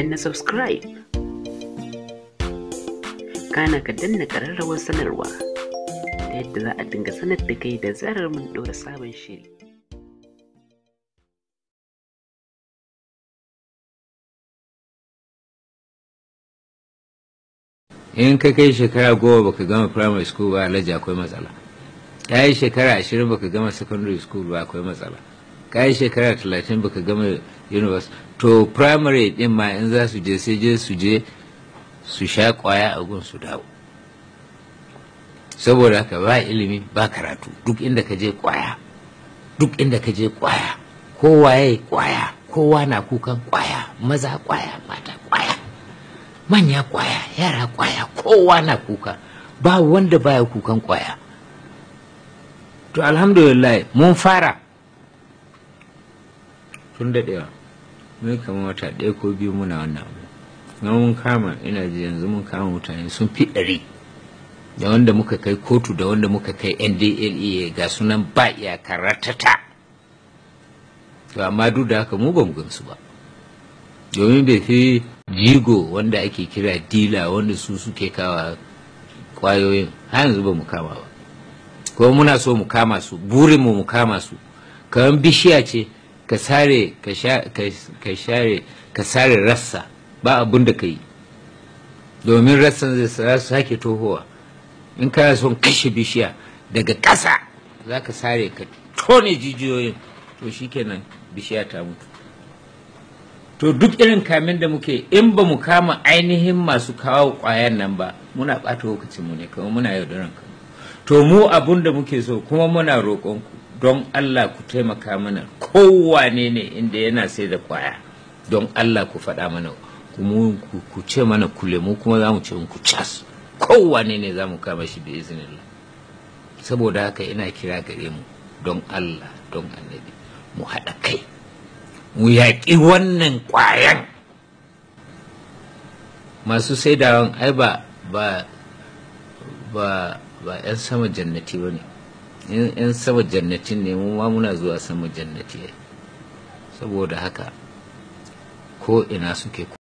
danna subscribe kana ka danna ƙararrawar sanarwa ta yadda za a dinga sanar da kai da zarar mun ɗora sabon shiri in ka kai shekara goma baka gama primary school ba alhaji akwai matsala ya yi shekara ashirin baka gama secondary school ba akwai matsala Ka yi shekara talatin baka gama university to primary din ma in za su je sai je su je su sha kwaya a gun su dawo saboda haka ba ilimi ba karatu duk inda ka je kwaya duk inda ka je kwaya kowa ya kwaya kowa na kukan kwaya maza kwaya mata kwaya manya kwaya yara kwaya kowa na kuka ba wanda baya kukan kwaya to alhamdulillah mun fara tun daɗewa mai kama wata ɗaya ko biyu muna wannan abu na mun kama ina ji yanzu mun kama mutane sun fi ɗari da wanda muka kai kotu da wanda muka kai ndlea ga sunan ba iyaka ratata to amma duk da haka mu ba mu gamsu ba domin bai fi jigo wanda ake kira dila wanda su suke kawa kwayoyin har yanzu ba mu kama ba kuma muna so mu kama su burinmu mu kama su kamar bishiya ce ka sare ka share rassa ba abun da ka yi domin rassan zai su sake tohowa in kana son kashe bishiya daga kasa, za ka sare ka tone jijiyoyin to kenan bishiya ta mutu to duk irin kamin da muke in ba mu kama ainihin masu kawo ƙwayan nan ba muna ɓata lokacin ne kuma muna yaudaran to mu abun da muke so kuma muna roƙonku don Allah ku taimaka mana kowane ne inda yana sai da kwaya don Allah ku faɗa mana ku ce mana kule mu kuma za mu ce ku cas kowane ne za mu kama shi da izinin saboda haka ina kira gare mu don Allah don annabi mu haɗa kai mu yaƙi wannan kwayan. masu saidawan ai ba ba ba 'yan sama jannati ba ne in sama jannatin ne mu ma muna zuwa sama jannati saboda haka ko ina suke